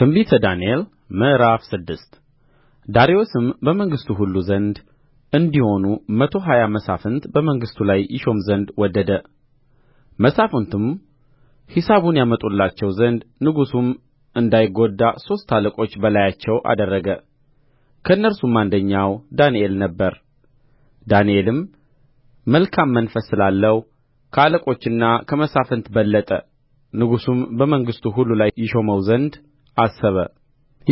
ትንቢተ ዳንኤል ምዕራፍ ስድስት ዳርዮስም በመንግሥቱ ሁሉ ዘንድ እንዲሆኑ መቶ ሀያ መሳፍንት በመንግሥቱ ላይ ይሾም ዘንድ ወደደ መሳፍንቱም ሒሳቡን ያመጡላቸው ዘንድ ንጉሡም እንዳይጐዳ ሦስት አለቆች በላያቸው አደረገ ከእነርሱም አንደኛው ዳንኤል ነበረ ዳንኤልም መልካም መንፈስ ስላለው ከአለቆችና ከመሳፍንት በለጠ ንጉሡም በመንግሥቱ ሁሉ ላይ ይሾመው ዘንድ አሰበ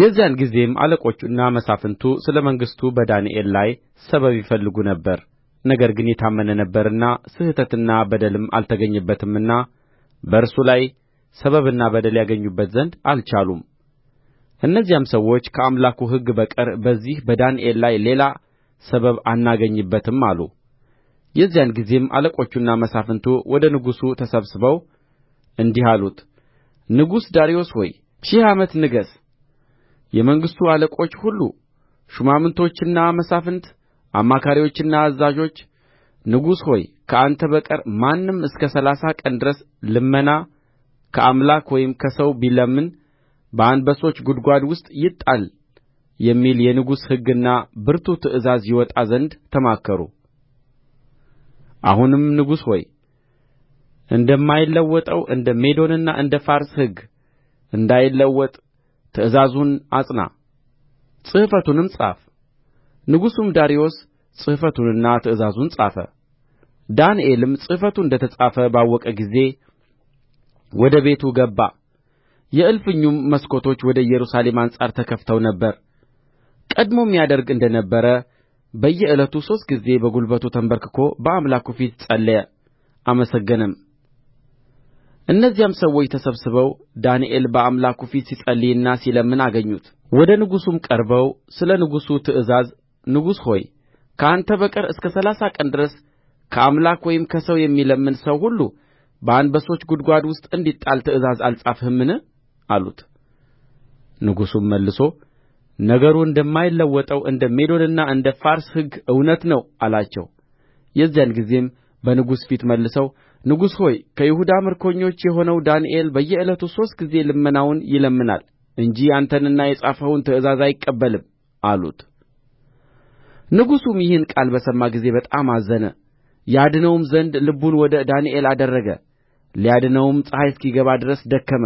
የዚያን ጊዜም አለቆቹና መሳፍንቱ ስለ መንግሥቱ በዳንኤል ላይ ሰበብ ይፈልጉ ነበር ነገር ግን የታመነ ነበረና ስሕተትና በደልም አልተገኘበትምና በእርሱ ላይ ሰበብና በደል ያገኙበት ዘንድ አልቻሉም እነዚያም ሰዎች ከአምላኩ ሕግ በቀር በዚህ በዳንኤል ላይ ሌላ ሰበብ አናገኝበትም አሉ የዚያን ጊዜም አለቆቹና መሳፍንቱ ወደ ንጉሡ ተሰብስበው እንዲህ አሉት ንጉሥ ዳርዮስ ሆይ ሺህ ዓመት ንገሥ የመንግሥቱ አለቆች ሁሉ ሹማምቶችና መሳፍንት አማካሪዎችና አዛዦች ንጉሥ ሆይ ከአንተ በቀር ማንም እስከ ሠላሳ ቀን ድረስ ልመና ከአምላክ ወይም ከሰው ቢለምን በአንበሶች ጕድጓድ ውስጥ ይጣል የሚል የንጉሥ ሕግና ብርቱ ትእዛዝ ይወጣ ዘንድ ተማከሩ አሁንም ንጉሥ ሆይ እንደማይለወጠው እንደ ሜዶንና እንደ ፋርስ ሕግ እንዳይለወጥ ትእዛዙን አጽና ጽሕፈቱንም ጻፍ ንጉሡም ዳርዮስ ጽሕፈቱንና ትእዛዙን ጻፈ ዳንኤልም ጽሕፈቱ እንደ ተጻፈ ባወቀ ጊዜ ወደ ቤቱ ገባ የእልፍኙም መስኮቶች ወደ ኢየሩሳሌም አንጻር ተከፍተው ነበር ቀድሞም ያደርግ እንደ ነበረ በየዕለቱ ሦስት ጊዜ በጕልበቱ ተንበርክኮ በአምላኩ ፊት ጸለየ አመሰገነም እነዚያም ሰዎች ተሰብስበው ዳንኤል በአምላኩ ፊት ሲጸልይና ሲለምን አገኙት ወደ ንጉሡም ቀርበው ስለ ንጉሡ ትእዛዝ ንጉሥ ሆይ ከአንተ በቀር እስከ ሠላሳ ቀን ድረስ ከአምላክ ወይም ከሰው የሚለምን ሰው ሁሉ በአንበሶች ጕድጓድ ውስጥ እንዲጣል ትእዛዝ አልጻፍህምን አሉት ንጉሡም መልሶ ነገሩ እንደማይለወጠው እንደ ሜዶንና እንደ ፋርስ ሕግ እውነት ነው አላቸው የዚያን ጊዜም በንጉሡ ፊት መልሰው ንጉሥ ሆይ ከይሁዳ ምርኮኞች የሆነው ዳንኤል በየዕለቱ ሦስት ጊዜ ልመናውን ይለምናል እንጂ አንተንና የጻፍኸውን ትእዛዝ አይቀበልም አሉት ንጉሡም ይህን ቃል በሰማ ጊዜ በጣም አዘነ ያድነውም ዘንድ ልቡን ወደ ዳንኤል አደረገ ሊያድነውም ፀሐይ እስኪገባ ድረስ ደከመ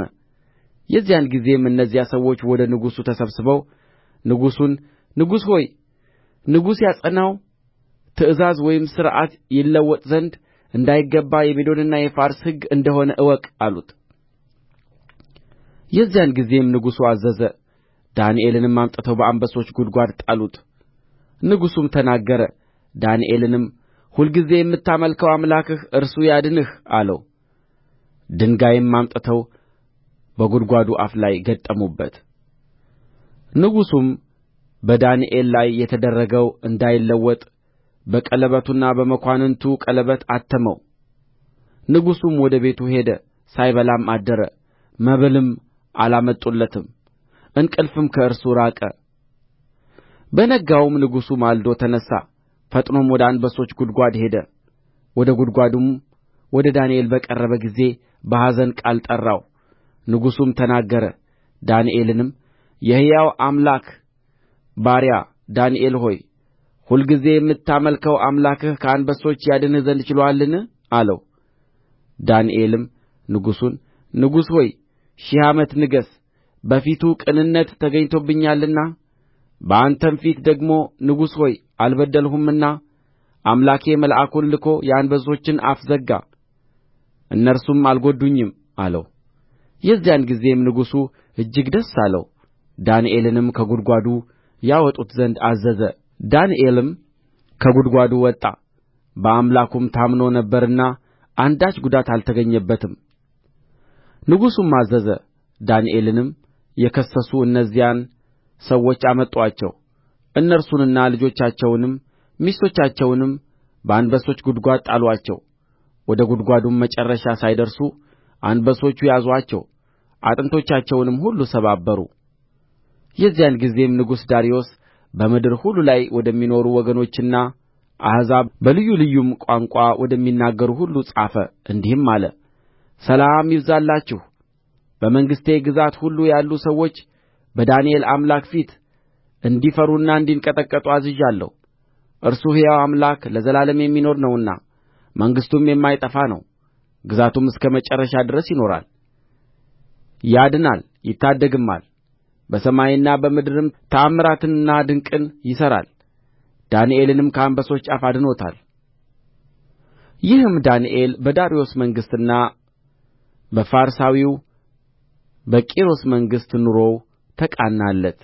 የዚያን ጊዜም እነዚያ ሰዎች ወደ ንጉሡ ተሰብስበው ንጉሡን ንጉሥ ሆይ ንጉሥ ያጸናው ትእዛዝ ወይም ሥርዓት ይለወጥ ዘንድ እንዳይገባ የሜዶንና የፋርስ ሕግ እንደ ሆነ እወቅ አሉት የዚያን ጊዜም ንጉሡ አዘዘ ዳንኤልንም አምጥተው በአንበሶች ጕድጓድ ጣሉት ንጉሡም ተናገረ ዳንኤልንም ሁልጊዜ የምታመልከው አምላክህ እርሱ ያድንህ አለው ድንጋይም አምጥተው በጕድጓዱ አፍ ላይ ገጠሙበት ንጉሡም በዳንኤል ላይ የተደረገው እንዳይለወጥ በቀለበቱና በመኳንንቱ ቀለበት አተመው ንጉሡም ወደ ቤቱ ሄደ ሳይበላም አደረ መብልም አላመጡለትም እንቅልፍም ከእርሱ ራቀ በነጋውም ንጉሡ ማልዶ ተነሣ ፈጥኖም ወደ አንበሶች ጕድጓድ ሄደ ወደ ጕድጓዱም ወደ ዳንኤል በቀረበ ጊዜ በኀዘን ቃል ጠራው ንጉሡም ተናገረ ዳንኤልንም የሕያው አምላክ ባሪያ ዳንኤል ሆይ ሁልጊዜ የምታመልከው አምላክህ ከአንበሶች ያድንህ ዘንድ ችሎአልን አለው ዳንኤልም ንጉሡን ንጉሥ ሆይ ሺህ ዓመት ንገሥ በፊቱ ቅንነት ተገኝቶብኛልና በአንተም ፊት ደግሞ ንጉሥ ሆይ አልበደልሁምና አምላኬ መልአኩን ልኮ የአንበሶችን አፍ ዘጋ እነርሱም አልጐዱኝም አለው የዚያን ጊዜም ንጉሡ እጅግ ደስ አለው ዳንኤልንም ከጕድጓዱ ያወጡት ዘንድ አዘዘ ዳንኤልም ከጕድጓዱ ወጣ በአምላኩም ታምኖ ነበርና አንዳች ጉዳት አልተገኘበትም ንጉሡም አዘዘ ዳንኤልንም የከሰሱ እነዚያን ሰዎች አመጡአቸው እነርሱንና ልጆቻቸውንም ሚስቶቻቸውንም በአንበሶች ጕድጓድ ጣሉአቸው ወደ ጕድጓዱም መጨረሻ ሳይደርሱ አንበሶቹ ያዙአቸው አጥንቶቻቸውንም ሁሉ ሰባበሩ የዚያን ጊዜም ንጉሡ ዳርዮስ በምድር ሁሉ ላይ ወደሚኖሩ ወገኖችና አሕዛብ በልዩ ልዩም ቋንቋ ወደሚናገሩ ሁሉ ጻፈ እንዲህም አለ ሰላም ይብዛላችሁ በመንግሥቴ ግዛት ሁሉ ያሉ ሰዎች በዳንኤል አምላክ ፊት እንዲፈሩና እንዲንቀጠቀጡ አዝዣለሁ እርሱ ሕያው አምላክ ለዘላለም የሚኖር ነውና መንግሥቱም የማይጠፋ ነው ግዛቱም እስከ መጨረሻ ድረስ ይኖራል ያድናል ይታደግማል በሰማይና በምድርም ተአምራትንና ድንቅን ይሠራል ዳንኤልንም ከአንበሶች አፍ አድኖታል ይህም ዳንኤል በዳርዮስ መንግሥትና በፋርሳዊው በቂሮስ መንግሥት ኑሮው ተቃናለት